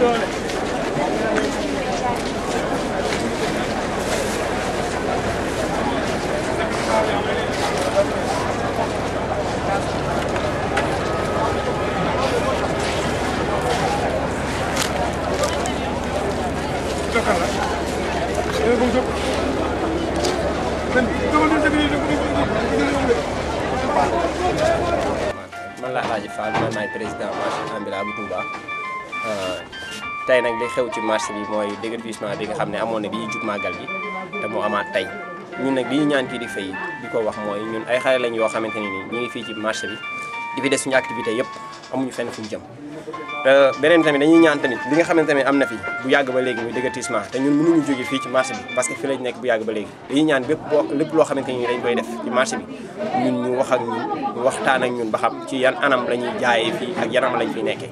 man la Alaaji Fall man maay président marché ambulant tey nag li xew ci marché bi mooy déguerpissement bi nga ne amoon na bi jub màggal bi te moo amaat ñu ñaan kii di fay di ko wax mooy ñun ay xale lañ yoo xamante ne nii ñu ngi fii ci marché bi fi des suñu activité yëpp amuñu fenn fu ñu jëm te beneen tamit dañuy ñaan tamit nga xamante ne am na fi bu yàgg ba léegi muy déguerpissement te ñun mënuñu jóge fii ci marché bi parce que fi lañ nekk bu yàgg ba léegi dañuy ñaan bépp lépp loo xamante ni dañ koy def ci bi ñun ñu wax ak waxtaan ak ñun ba xam ci yan anam la ñuy jaayee fii ak yan anam lañ fiy nekkee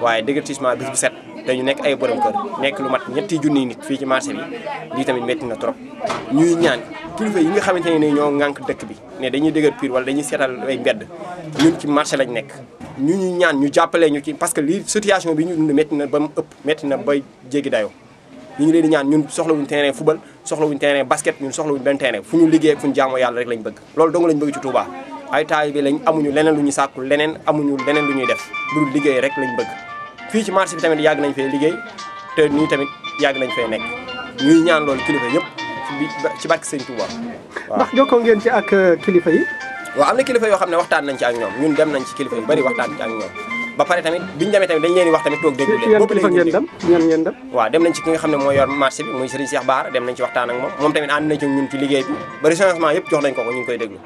waaye déguerpissement bis bu set dañu nekk ay borom nekk lu mat ñetti junniy nit fii ci marché bi lii tamit métti na trop ñuy ñaan kilifa yi nga xamante ne ñoo ŋànk dëkk bi ne dañuy dëgër piir wala dañuy seetal ay mbedd ñun ci marché lañ nekk ñu ñu ñaan ñu jàppalee ñu ci parce que lii situation bi ñu dund ba mu ëpp métti na ba jéggi dayoo ñu ngi leen di ñaan ñun soxlawuñ terrain football soxlawuñ terrain basket ñun soxlawuñ benn terrain fu ñu liggéey fu ñu jaamoo yàlla rek lañ bëgg loolu dong lañ bëgg ci Touba ay taay bi lañ amuñu leneen lu ñuy sàkku leneen amuñu leneen lu ñuy def lu liggéey rek lañ bëgg fii ci marché bi tamit yàgg nañ fee liggéey te nii tamit yàgg nañ fee nekk ñuy ñaan loolu kilifa yëpp ci barke sëñ Touba waaw ndax jokkoo ngeen ci ak euh, kilifa yi waaw am na kilifa yoo dem nañ ci kilifa bi muy Serigne Cheikh Baar dem nañ ci waxtaan ak moom tamit ànd nañ ci ñun ci liggéey bi ba recensement yëpp jox nañ ko ko ñu koy déglu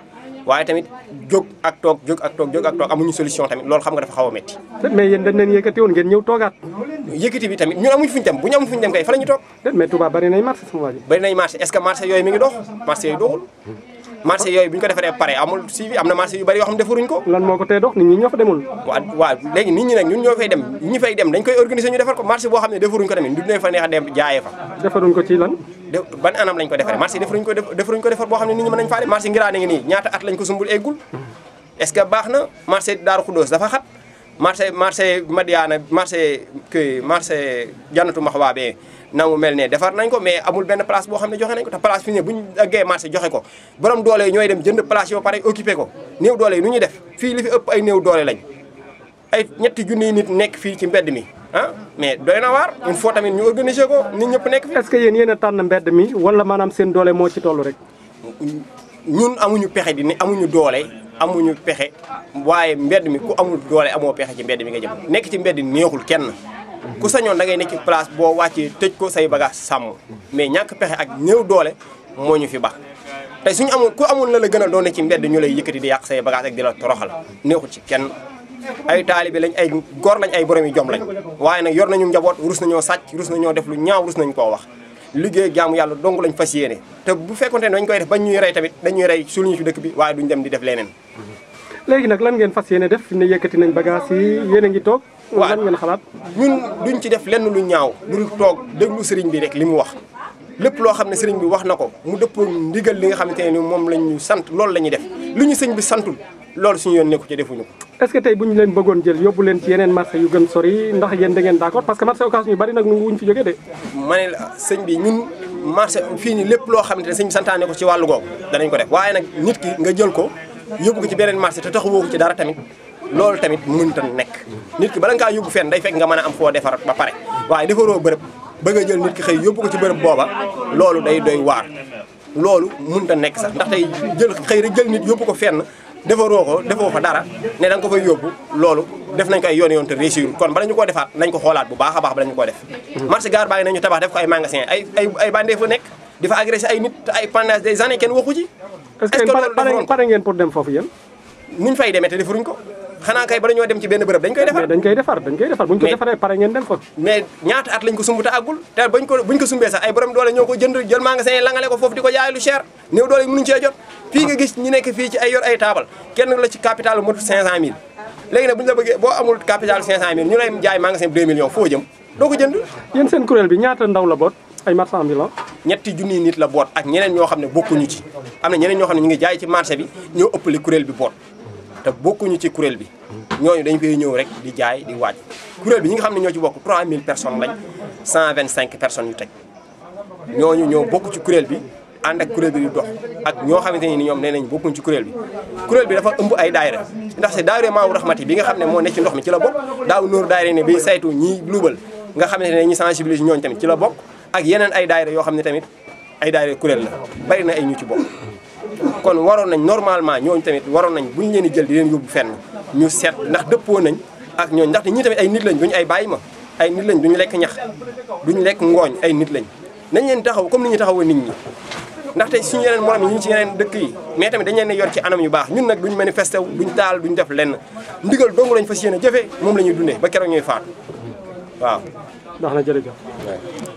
waaye tamit jóg ak toog jóg ak toog jóg amuñu solution tamit lool xam nga dafa xaw a métti mais yéen dañ leen yëkkati woon ngeen ñëw toogaat yëkkati bi tamit ñun amuñ fuñu dem bu ñu amuñ fuñu dem kay fa la ñu toog mais Touba bari nañ marché sama waa ji bari nañ marché ko defaree am na marché yu bari yoo xam defaruñ ko lan moo ko tee dox nit ñi ñoo demul waaw waaw nit ñun ñoo dem ñi fay dem dañ koy organiser ñu defar ko marché boo xam ne defaruñ ko tamit du dinañ fa neex dem jaayee fa defaruñ ko ci lan ban anam lañ ko defaree marché defaruñ ko defaruñ ko defar boo xam ne nit ñi mën nañ faa dem marché Ngiraane ngi nii ñaata at lañ ko sumbul eggul est-ce que baax na marché Daaru Xuddoos dafa xat marché marché Madiana marché kii marché Jannatu Maxwaa bee na mu mel ne defar nañ ko mais amul benn place boo xam ne joxe nañ ko te place fi ne buñ daggee marché joxe ko borom doole yi ñooy dem jënd place yoo pare occupé ko néew doole yi nu ñuy def fii li fi ëpp ay néew doole lañ ay ñetti junniy nit nekk fii ci mbedd mi ah mais doy na waar il faut tamit ñu organiser ko nit ñëpp nekk fi. est-ce que yéen yéen a tànn mbedd mi wala maanaam seen doole moo ci toll rek. ñun amuñu pexe di ne amuñu doole amuñu pexe waaye mbedd mi ku amul doole amoo pexe ci mbedd mi nga jëm nekk ci mbedd neexul kenn. ku sañoon da ngay ci place boo wàccee tëj ko say bagage sàmm mais ñàkk pexe ak néew doole moo ñu fi bax tey suñu amul ku amul la la gën a doon ci mbedd ñu lay yëkkati di yàq say bagage ak di la toroxal neexul ci kenn. ay taalibe lañ ay gor lañ ay borom yi jom lañ waye nak yor nañu njabot rus nañu sacc rus nañu def lu ñaaw rus nañ ko wax liggéey jaamu yalla dong lañ fas yéene te bu fekkonté dañ koy def ba ñuy ray tamit dañuy rey sul ñu ci dëkk bi waye duñ dem di def lenen légui nak lan ngeen fas def ni yëkëti nañ bagage yi yéen ngi tok lan ngeen xalaat ñun duñ ci def lenn lu ñaaw lu dul toog déglu sëriñ bi rek limu wax lepp lo xamne serigne bi wax na mu depp ndigal li nga xamanteni mom moom lañ ñu sant loolu la def luñu serigne bi santul loolu suñu yon nekku ci defuñu ko est-ce que tay bu leen bëggoon jël yóbbu leen ci yenen marché yu gën sori ndax yeen da ngeen d'accord parce que marché occasion yu bari nak nu wuñ fi joggé dé mané ne la sëñ bi ñun marché fi ni lepp lo xamante señ bi santaane ko ci gog da nañ ko def waaye nak nit ki nga jël ko yobbu ko ci benen marché te taxawoo ko ci dara tamit lool tamit mënta nek nit ki bala nga yobbu fenn day fekk nga mëna am fo defar ba pare waaye defaroo bërepp bëgg a jël nit ki xey yobbu ko ci bërepp boba loolu day doy war loolu mënta nek sax ndax tay jël xey rek jël nit yobbu ko fenn defaroo ko defoo fa dara ne da ko fay yóbbu loolu def nañ ko ay yoon yoon te réussir kon bala ñu ko defaat nañ ko xoolaat bu baax a baax bala ñu ko def hmm. marché gaar baa ngi nañu tabax def ko ay magasin ay ay ay bandee fa nekk di fa agressé ay nit ay pendant des années kenn waxu ci pare ngeen pour dem foofu yéen nuñ fay demee te defaruñ ko xanaa kay bala ñoo dem ci benn bërëb dañ koy defar dañ koy defar dañ koy defar buñ ko defaree pare ngeen dem fa mais ñaata at lañ ko sumb te àggul te buñ ko ñoo ko jënd jaay lu cher néew doole kenn la ci capital motu 500000 léegi nag bu ñu la bëggee boo amul capital 500000 ñu lay jaay magasin bi 2 millions foo jëm doo ko jënd yéen seen kuréel bi ñaata ndaw la boot ay marchand ambulant ñetti junniy nit la boot ak ñeneen ñoo xam ne bokkuñu ci am na ñeneen ñoo xam ne ñu ngi jaay ci marché bi ñoo ëppale kuréel bi boot nous bokkuñu ci de bi qui dañ fay ñëw rek di jaay di 3000 personnes 125 personnes nous avons beaucoup de bokk ci kuréel bi ànd ak kuréel bi Nous dox ak de xamante ni ñoom nee nañ de ci bi bi dafa ay daayira ndax daayira bi nga ne ci ndox mi ci la bokk daaw nóor daayira ne bi saytu ñiy luubal nga qui kon waroon nañ normalement ñooñu tamit waroon nañ buñ leen di jël di leen yóbbu fenn ñu seet ndax dëppoo nañ ak ñooñu ndaxte ñii tamit ay nit lañ duñu ay bàyyi ma ay nit lañ duñu lekk ñax duñu lekk ngooñ ay nit lañ nañ leen taxaw comme ni ñu taxawoo nit ñi ndaxte suñu yeneen morom yi ñu ci yeneen dëkk yi mais tamit dañ leen yor ci anam yu baax ñun nag duñ manifesté wu duñ taal duñ def lenn ndigal dong lañ fas yéene jëfe moom la ñuy dundee ba keroog ñuy faatu waaw. ndax na jërëjëf.